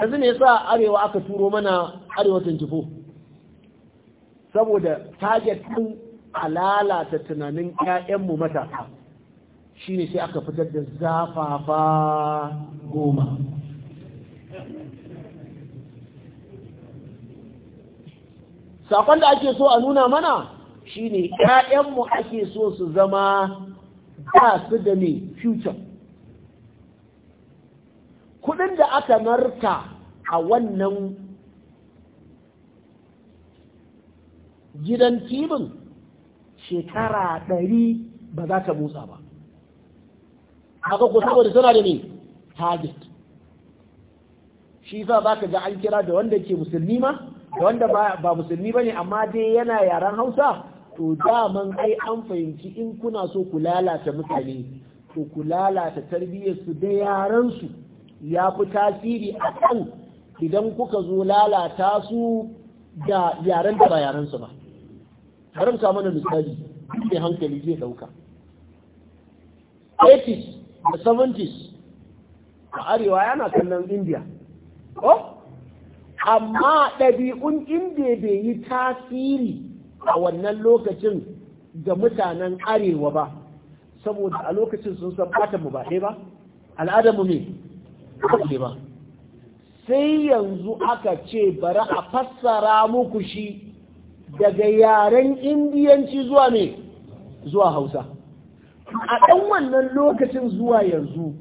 yanzu ne sa arewa aka turo mana arewa 24 saboda target ɗin a lalata tunanin 'ya'yanmu matasa shine sai aka fitar da zafafa goma sakon da ake so a nuna mana shine yayanmu ake so su zama ba su da ne future kudin da aka narka a wannan gidan tibin shekara ɗari ba za ta motsa ba haka ko saboda tana da ne target shi za za ka ga an kira da wanda ke musulmi ma da wanda ba musulmi ba ne amma dai yana yaren hausa to daman ai an fahimci in kuna so ku lalata mutane to ku lalata tarbiyyarsu da yarensu ya fi tasiri a kan idan kuka zo lalata su da yaren da ba yarensu ba haramta mana misali mai hankali zai dauka 80s da 70s a arewa yana kallon india ko amma ɗabi'un Indiya bai yi tasiri a wannan lokacin ga mutanen arewa ba saboda a lokacin sun san mu ba ɗaya ba al'adarmu ne ba ba sai yanzu aka ce bari a fassara muku shi daga yaren indiyanci zuwa ne zuwa hausa a ɗan wannan lokacin zuwa yanzu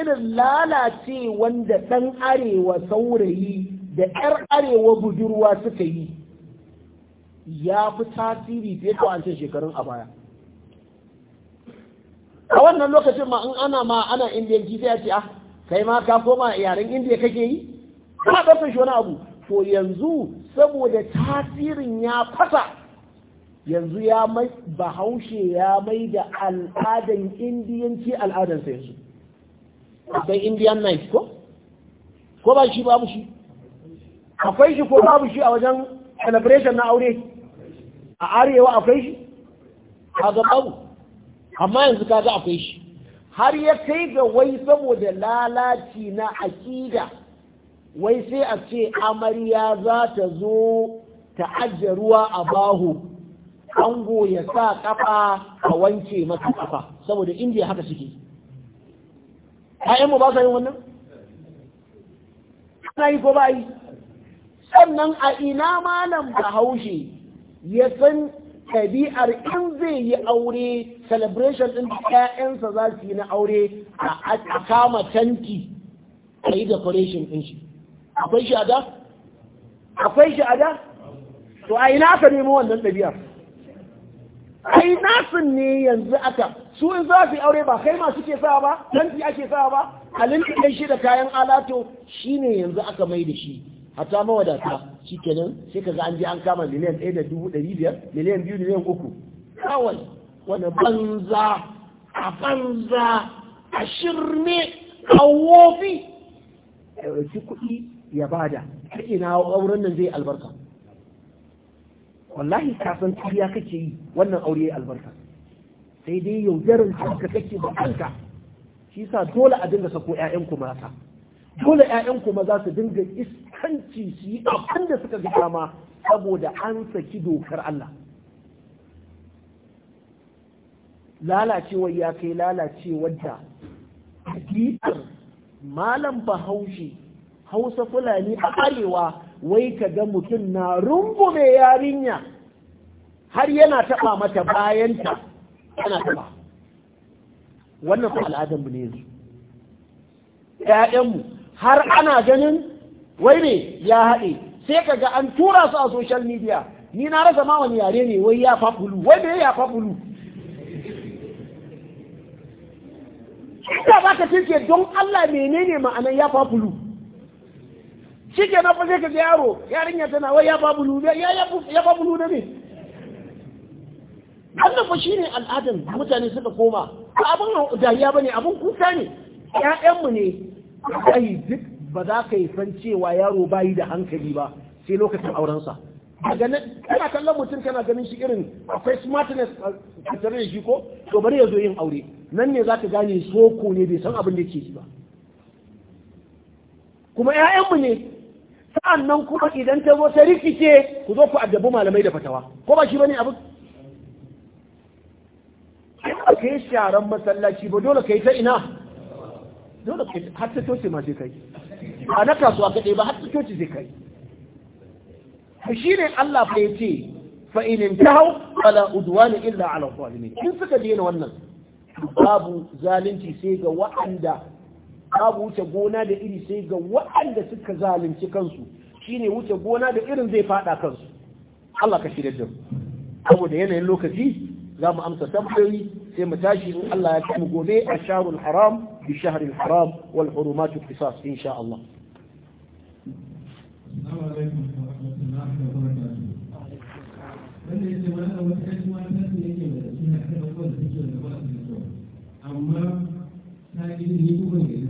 irin lalace wanda ɗan arewa saurayi da 'yar arewa budurwa suka yi ya fi tasiri fiye da wancan shekarun a baya a wannan lokacin ma in ana ma ana indiyanci sai a ce ah kai ma ka koma yaren indiya kake yi ka ɗaukar shi wani abu to yanzu saboda tasirin ya fasa yanzu ya mai bahaushe ya mai da al'adan indiyanci al'adansa yanzu akwai indian night ko? ko ba shi babu shi akwai shi ko babu shi a wajen celebration na aure a arewa akwai shi ga babu amma yanzu kaga akwai shi har ya kai ga wai saboda lalaci na akida wai sai a ce amarya za ta zo ta ruwa a bahu ango ya sa kafa a wanke masa kafa saboda indiya haka suke mu ba sa yin wannan ana yi ko ba yi sannan a ina malam bahaushe ya san ɗabi'ar in zai yi aure celebration ɗin ƴaƴansa za su yi na aure a kama tanki a yi decoration ɗin shi akwai shi a da akwai shi a da to a ina aka nemo wannan ɗabi'ar a ina sun ne yanzu aka su in za su yi aure ba kai ma suke sawa ba tanti ake sawa ba halin ɗin shi da kayan alato shine yanzu aka mai da shi hatta mawadata shi kenan sai ka ga an je an kama miliyan ɗaya da dubu ɗari biyar miliyan biyu miliyan uku kawai wani banza a banza a shirme a wofi ɗauki kuɗi ya bada har ina auren nan zai albarka wallahi ka san kariya kake yi wannan aure ya albarka sai dai yaudarin kanka kake da kanka shi sa dole a dinga sako ƴaƴanku mata dole ƴaƴanku maza su dinga iskanci su yi abin da suka ga dama saboda an saki dokar Allah lalacewar ya kai lalacewar da malam bahaushe hausa fulani a arewa wai ka ga mutum na rungume yarinya har yana taɓa mata bayanta yana taɓa wannan al'adan mu ne yanzu ƴaƴanmu har ana ganin wai ne ya haɗe sai ka ga an tura su a social media ni na rasa ma wani yare ne wai ya fafulu wai ne ya fafulu ita ba ka ce don Allah menene ma'anar ya fafulu shi ke na fashe ka ga yaro yarinya tana wai ya babu lube ya babu lube ne Allah fa shine al'adan mutane suka koma abin dariya bane abin kuka ne Ya'yanmu ne ai duk ba za ka yi san cewa yaro bayi da hankali ba sai lokacin aurensa daga kana kallon mutum kana ganin shi irin akwai smartness a tare da shi ko to bari ya zo yin aure nan ne za ka gane soko ne bai san abin da yake shi ba kuma ya'yanmu ne nan kuma idan ta zo ta rikice ku zo ku addabu malamai da fatawa ko ba shi bane abu ba ka yi sharan masallaci ba dole ka yi ta ina dole ka yi har ta coci ma sai kai a na kasuwa kaɗai ba har ta coci sai kai shi ne Allah fa ya ce fa'inin ta hau ala udwani illa ala zalimi in suka daina wannan babu zalunci sai ga waɗanda babu wuce gona da iri sai ga waɗanda suka zalunci kansu shine wuce gona da irin zai faɗa kansu Allah ka shirya da saboda yanayin lokaci za mu amsa tambayoyi sai mu tashi in Allah ya kai gobe a sharul haram bi shahril haram wal hurumatu qisas insha Allah yake kan ba su da Amma ta gidan ni kuma ne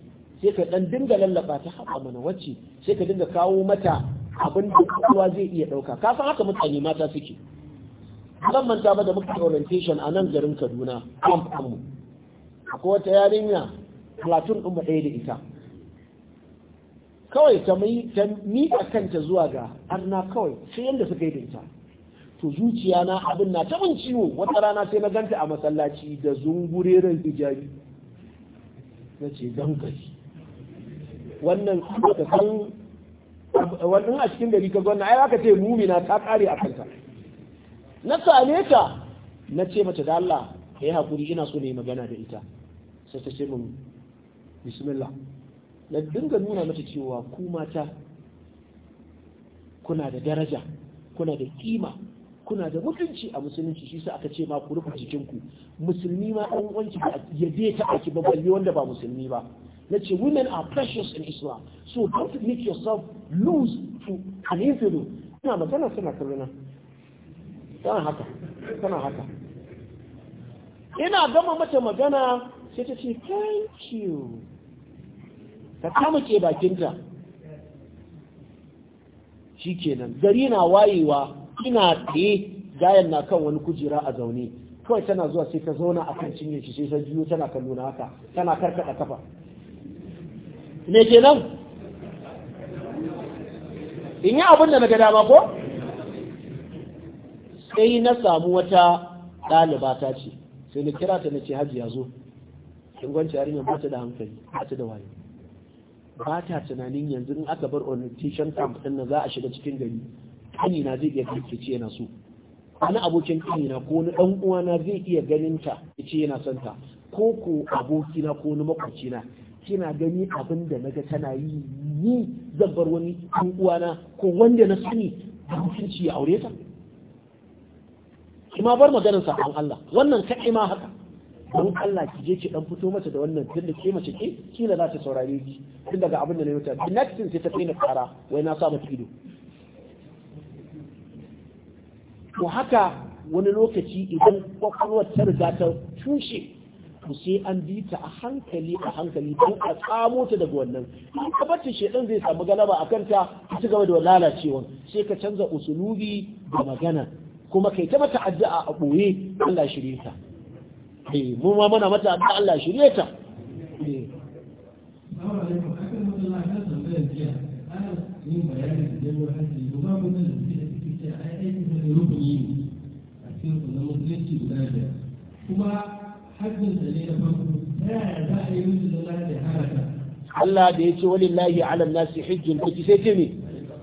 sai ka dan dinga lallaba ta haɓa mana wacce sai ka dinga kawo mata abin da kowa zai iya ɗauka kafin san haka mutane mata suke zan manta ba da muka orientation a nan garin kaduna kan mu akwai wata yarinya Platon ɗin ba ɗaya da ita kawai ta miƙa kanta zuwa ga arna kawai sai yadda suka yi da to zuciya na abin na ta min ciwo wata rana sai na ganta a masallaci da zungureren hijabi na ce don wannan suka san wannan a cikin gari ka gwanna ai aka ce mumina ta kare a kanta na same ta na ce mata da Allah ka yi hakuri ina so ne magana da ita sai ta ce min bismillah na dinga nuna mata cewa ku mata kuna da daraja kuna da kima kuna da mutunci a musulunci shi sa aka ce ma ku rufe jikinku musulmi ma ɗan wanci ya je ta aki babbali wanda ba musulmi ba na ce women are precious in Islam so don't make yourself lose to an infidel ina magana suna kallona tana haka tana haka ina gama mata magana sai ta ce thank you ta kama ke bakinta shi kenan gari na wayewa ina ɗe gayan na kan wani kujera a zaune kawai tana zuwa sai ta zauna a kan cinye shi sai ta juyo tana kallo nuna haka tana karkaɗa kafa me kenan in yi abin da na gada dama ko sai na samu wata ɗaliba ta ce sai na kira ta na ce hajji ya zo In gwanci yarinyar ba da hankali bata da waye ba ta tunanin yanzu in aka bar orientation camp din na za a shiga cikin gari kani na zai iya kai ce yana so wani abokin kani na ko wani dan uwa na zai iya ganin ta ce yana son ta ko ko aboki ko wani makwabci kina gani abin da naga tana yi ni zan bar wani ɗan uwana ko wanda na sani da mutunci ya aure ta kima bar maganar sa an Allah wannan kai ma haka don Allah ki je ki dan fito mata da wannan tun da ke mace ke kila za ta saurare ki tun daga abin da na yi the next sai ta tsina na kara wai na sa ido to haka wani lokaci idan kwakwalwar ta riga ta tushe to sai an bi ta a hankali a hankali don a tsamo ta daga wannan in ka ta shedan zai samu galaba a kanta ta gaba da lalacewan sai ka canza usulubi da magana kuma kai ta mata addu'a a boye Allah shirye ta eh mu ma muna mata addu'a Allah shirye ta eh yin da babu da da a da a cikin sunan guda biyar kuma Allah da ne da farko ta yaya za a yi sai da da haraka Allah da ya ce sai ce me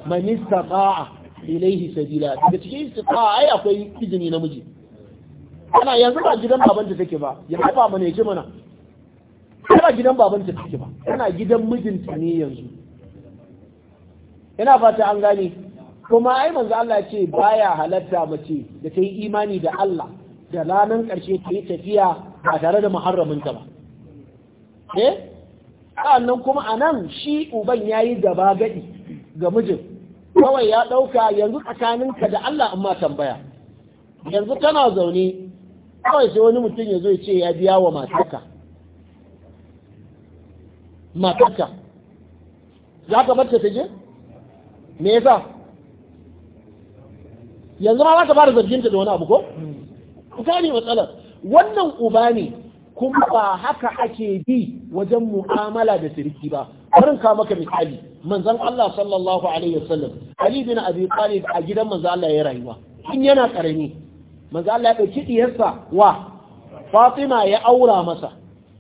man istata'a ilayhi sabila daga cikin istita'a ai akwai izini namiji ana yanzu ba gidan babanta take ba ya haifa mana ya ce mana ana gidan babanta take ba ana gidan mijinta ne yanzu ina fata an gane kuma ai manzo Allah ce baya halatta mace da ta yi imani da Allah da ranar ƙarshe ta yi tafiya ba tare da muharraminta ba eh sannan kuma a nan shi uban ya yi gaba gadi ga mijin kawai ya ɗauka yanzu tsakaninka da Allah amma tambaya yanzu kana zaune kawai sai wani mutum ya zo ya ce ya biya wa matarka matarka za ka barta ta je me yasa yanzu ma za ka fara zarginta da wani abu ko ka ne matsalar wannan uba ne kuma ba haka ake bi wajen mu'amala da sirki ba barin ka maka misali manzon Allah sallallahu alaihi wasallam Ali bin Abi Talib a gidan manzon Allah ya rayuwa in yana karami manzon Allah ya dauki diyarsa wa Fatima ya aura masa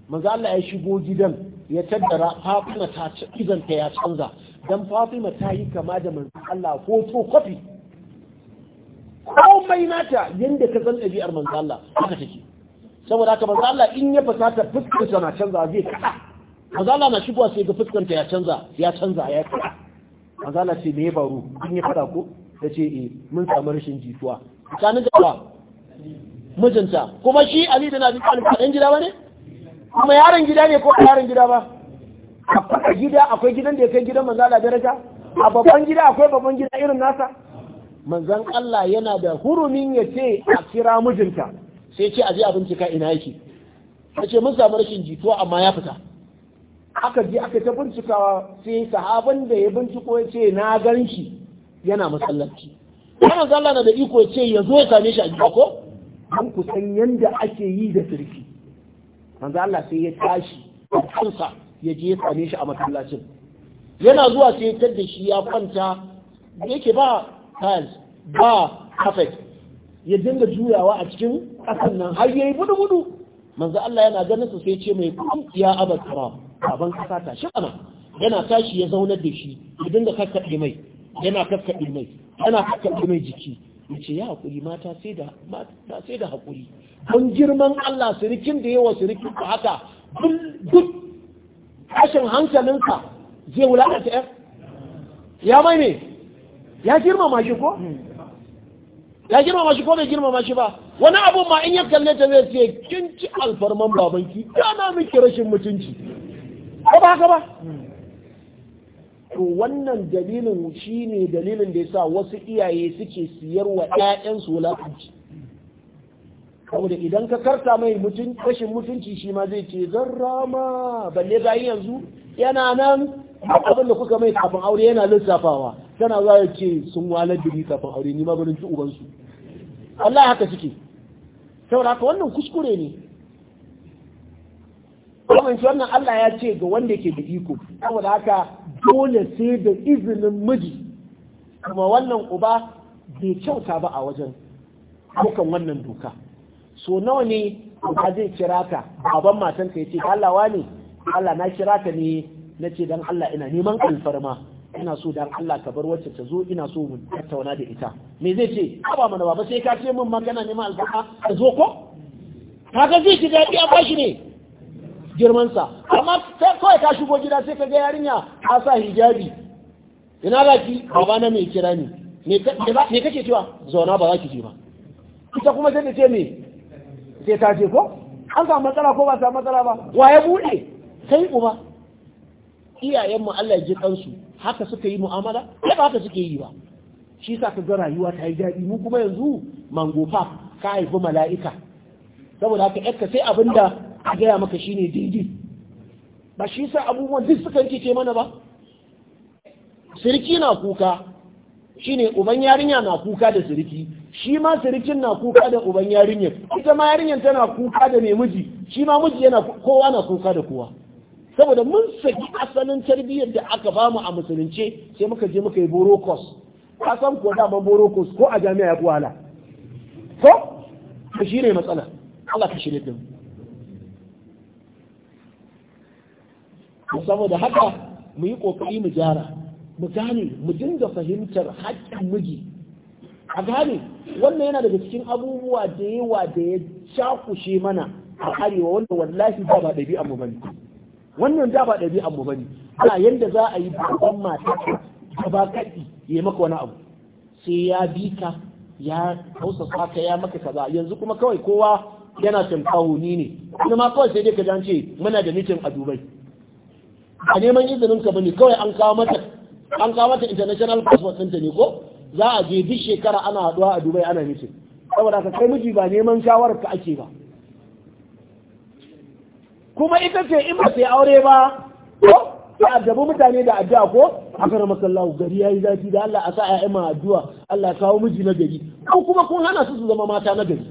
manzon Allah ya shigo gidan ya taddara Fatima ta ta ya canza dan Fatima ta yi kama da manzon Allah to kofi komai nata yanda ka san ɗabi'ar manzon Allah haka take saboda haka manzo Allah in ya fasata fuskar sa na canza zai kada manzo Allah na shigowa sai ga fuskar ta ya canza ya canza ya kada manzo Allah ce me baro in ya fada ko ce eh mun samu rashin jituwa tsakanin jawa mijinta kuma shi Ali da Nabi Talib ɗan gida bane kuma yaron gida ne ko yaron gida ba a gida akwai gidan da ya kai gidan manzo Allah daraja a babban gida akwai babban gida irin nasa manzon Allah yana da hurumin ya ce a kira mijinta sai ce a je a bincika ina yake ta ce mun samu rashin jituwa amma ya fita aka je aka ta bincikawa sai sahaban da ya binciko ya ce na gan shi yana masallaci wannan zalla na da iko ce ya zo ya same shi a gida ko an kusan yanda ake yi da sirki manzo Allah sai ya tashi kansa ya je ya same shi a masallacin yana zuwa sai ya da shi ya kwanta yake ba tiles ba carpet ya dinga juyawa a cikin ƙasan nan har yayi budu budu manzo Allah yana ganin su sai ce mai kun ya abakara aban baban kasa ta shi ana yana tashi ya zauna da shi ya dinga kakkaɗe mai yana kakkaɗe mai yana kakkaɗe mai jiki ce ya hakuri mata sai da mata sai da hakuri don girman Allah sirikin da yawa sirikin ka haka duk kashin hankalinka zai wulakata yar ya mai ne ya girmama shi ko ya girmama shi ko bai girmama shi ba wani abu ma in ya kalle ta zai ce kin ci alfarman babanki na miki rashin mutunci ko ba haka ba to wannan dalilin shi ne dalilin da yasa wasu iyaye suke siyar wa ƴaƴansu wulakanci saboda idan ka karta mai rashin mutunci shi ma zai ce zan rama balle bayan yanzu yana nan abin da kuka mai kafin aure yana lissafawa tana za ya ce sun walar biri kafin aure ni ma barin ci ubansu Allah haka suke saboda haka wannan kuskure ne kuma shi wannan Allah ya ce ga wanda yake da iko saboda haka dole sai da izinin miji kuma wannan uba bai kyauta ba a wajen dukan wannan doka so nawa ne uba zai kira ka baban matanka ya ce Allah wani Allah na kira ka ne na ce don Allah ina neman alfarma ina so don Allah ka bar wacce ta zo ina so mu tattauna da ita me zai ce ba mana ba sai ka ce min magana neman alfarma ka zo ko kaga zai ji daɗi a bashi ne sa. amma sai kawai ka shigo gida sai ka ga yarinya a sa hijabi ina za ki baba na mai kira ni me kake cewa zauna ba za ki je ba ita kuma sai ta ce me sai ta ce ko an samu matsala ko ba samu matsala ba wa ya buɗe kai uba iyayenmu Allah ya ji kansu haka suka yi mu'amala ba haka suke yi ba shi sa ka ga rayuwa ta yi daɗi mu kuma yanzu mango ka haifi mala'ika saboda haka yakka sai abin da a gaya maka shine daidai ba shi sa abubuwan duk yi ce mana ba sirki na kuka shine uban yarinya na kuka da sirki shi ma sirkin na kuka da uban yarinyar ita ma yarinyar tana kuka da mai miji shi ma miji yana kowa na kuka da kowa saboda mun saki asalin tarbiyyar da aka bamu a musulunce sai muka je muka yi borokos ka san ko da ban borokos ko a jami'a ya fi ko ka shirye matsala Allah ka shirye din saboda haka mu yi kokari mu jara, mu gane mu dinga fahimtar haƙƙin miji a gane wannan yana daga cikin abubuwa da yawa da ya cakushe mana a arewa wanda wallahi ba ba ɗabi'a mu bane wannan da ba ɗabi'an mu bane ba yanda za a yi babban mata ta ba kaɗi ya maka wani abu sai ya bi ka ya hausa ka ya maka kaza yanzu kuma kawai kowa yana tantawo ni ne kuma ma kawai sai dai ka ce muna da mitin a Dubai a neman izinin ka bane kawai an kawo mata an kawo mata international passport ɗinta ne ko za a je duk shekara ana haɗuwa a Dubai ana mitin saboda ka kai miji ba neman shawarar ka ake ba kuma ita ce in ba sai aure ba ko ta addabi mutane da addu'a ko akar masallahu gari yayi zafi da Allah a sa ƴaƴan ma addu'a Allah kawo miji na gari ko kuma kun hana su su zama mata na gari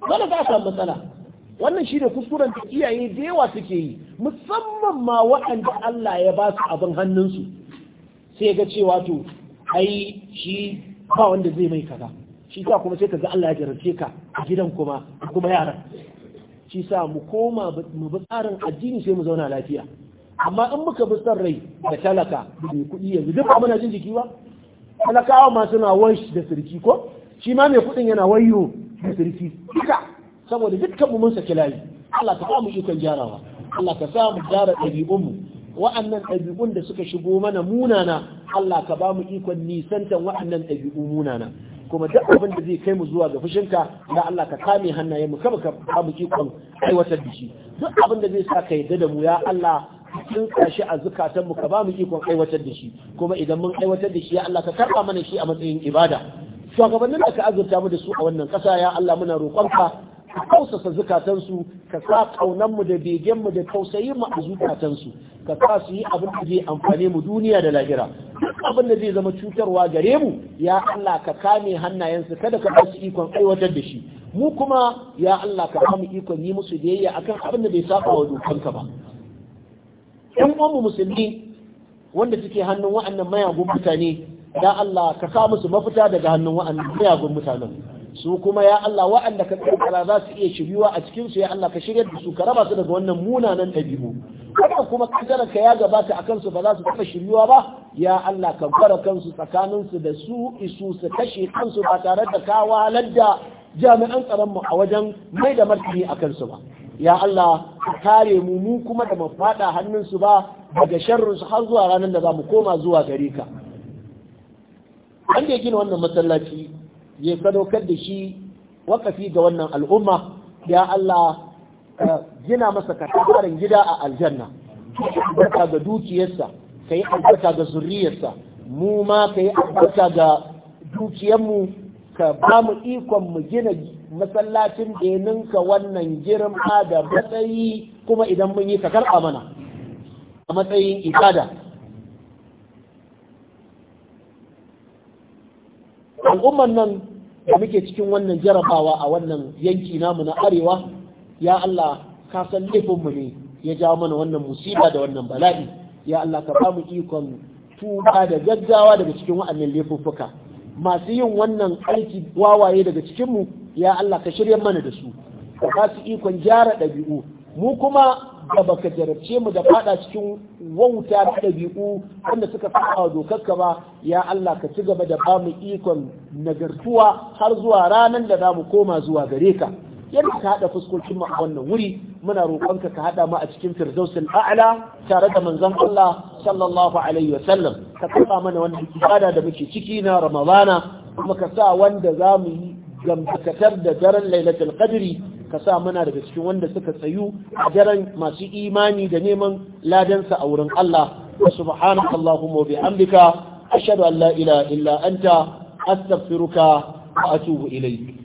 wala ka samu matsala wannan shi ne kuskuren da iyaye da yawa suke yi musamman ma waɗanda Allah ya ba su abin hannunsu sai ga cewa to ai shi ba wanda zai mai kaza shi sa kuma sai ka ga Allah ya jarrace ka a gidan kuma kuma yaran shi sa mu koma mu bi tsarin addini sai mu zauna lafiya amma in muka bi son rai da talaka da mai kuɗi yanzu duk ba muna jin jiki ba talakawa ma suna wansh da sirki ko shi ma mai kuɗin yana wayo da sirki duka saboda dukkan mu mun saki layi Allah ka samu ikon gyarawa Allah ka samu gyara ɗabi'un mu wa'annan ɗabi'un da suka shigo mana munana Allah ka ba mu ikon nisantan wa'annan ɗabi'u munana kuma duk abin da zai kai mu zuwa ga fushinka da Allah ka kame hannayen mu kama ka bamu ikon aiwatar da shi duk abin da zai sa ka yadda da mu ya Allah sun kashi a zukatan mu ka bamu ikon aiwatar da shi kuma idan mun aiwatar da shi ya Allah ka karba mana shi a matsayin ibada shugabannin da ka azurta mu da su a wannan kasa ya Allah muna roƙonka ka kausasa zukatansu ka sa mu da begenmu da tausayin mu a zukatansu ka sa su yi abin da zai amfane mu duniya da lahira abin da zai zama cutarwa gare mu ya Allah ka kame hannayensu kada ka basu ikon aiwatar da shi mu kuma ya Allah ka kame ikon yi musu biyayya akan abin da bai saba wa dokanka ba Yan uwanmu musulmi wanda suke hannun wa'annan mayagun mutane ya Allah ka sa musu mafita daga hannun wa'annan mayagun mutanen su kuma ya Allah wa'anda ka kankara za su iya shiryuwa a cikinsu, ya Allah ka shirya da su ka raba su daga wannan munanan ɗabi'u kada kuma kaddaran ka ya gabata a kansu ba za su taɓa shiryuwa ba ya Allah ka gwara kansu tsakanin su da su isu su kashe kansu ba tare da kawalar da jami'an tsaron mu a wajen mai da martani a kansu ba ya Allah kare mu mu kuma da mu faɗa hannun su ba daga sharrinsu har zuwa ranar da za mu koma zuwa gare ka wanda ya gina wannan masallaci ya sadaukar da shi wakafi ga wannan al'umma ya Allah gina masa katakarin gida a aljanna albarka ga dukiyarsa ka yi albarka ga zurriyarsa, mu ma ka yi albarka ga dukiyarmu ka ba mu ikon mu gina masallacin da wannan girma da matsayi kuma idan mun yi ka karɓa mana a matsayin ibada al'ummar nan da muke cikin wannan jarabawa a wannan yanki namu na arewa ya Allah ka san laifinmu ne ya jawo mana wannan musiba da wannan bala'i ya Allah ka ba mu ikon tuba da gaggawa daga cikin wa'annan laifuffuka masu yin wannan aiki wawaye daga cikinmu ya Allah ka shirya mana da su ka su ikon gyara ɗabi'u mu kuma da baka jarabce mu da fada cikin wauta da ɗabi'u wanda suka fada dokarka ba ya Allah ka ci gaba da ba mu ikon nagartuwa har zuwa ranar da za mu koma zuwa gare ka yadda ka haɗa fuskokin mu a wannan wuri muna roƙonka ka haɗa mu a cikin firdausin a'la tare da manzon Allah sallallahu alaihi wa sallam ka kafa mana wannan ibada da muke ciki na Ramadana kuma ka sa wanda za mu yi gamtakatar da daren Lailatul Qadri ka sa muna daga cikin wanda suka tsayu a daren masu imani da neman ladansa a wurin Allah wa subhanaka allahumma bihamdika ashhadu an la ilaha illa anta astaghfiruka wa atubu ilayk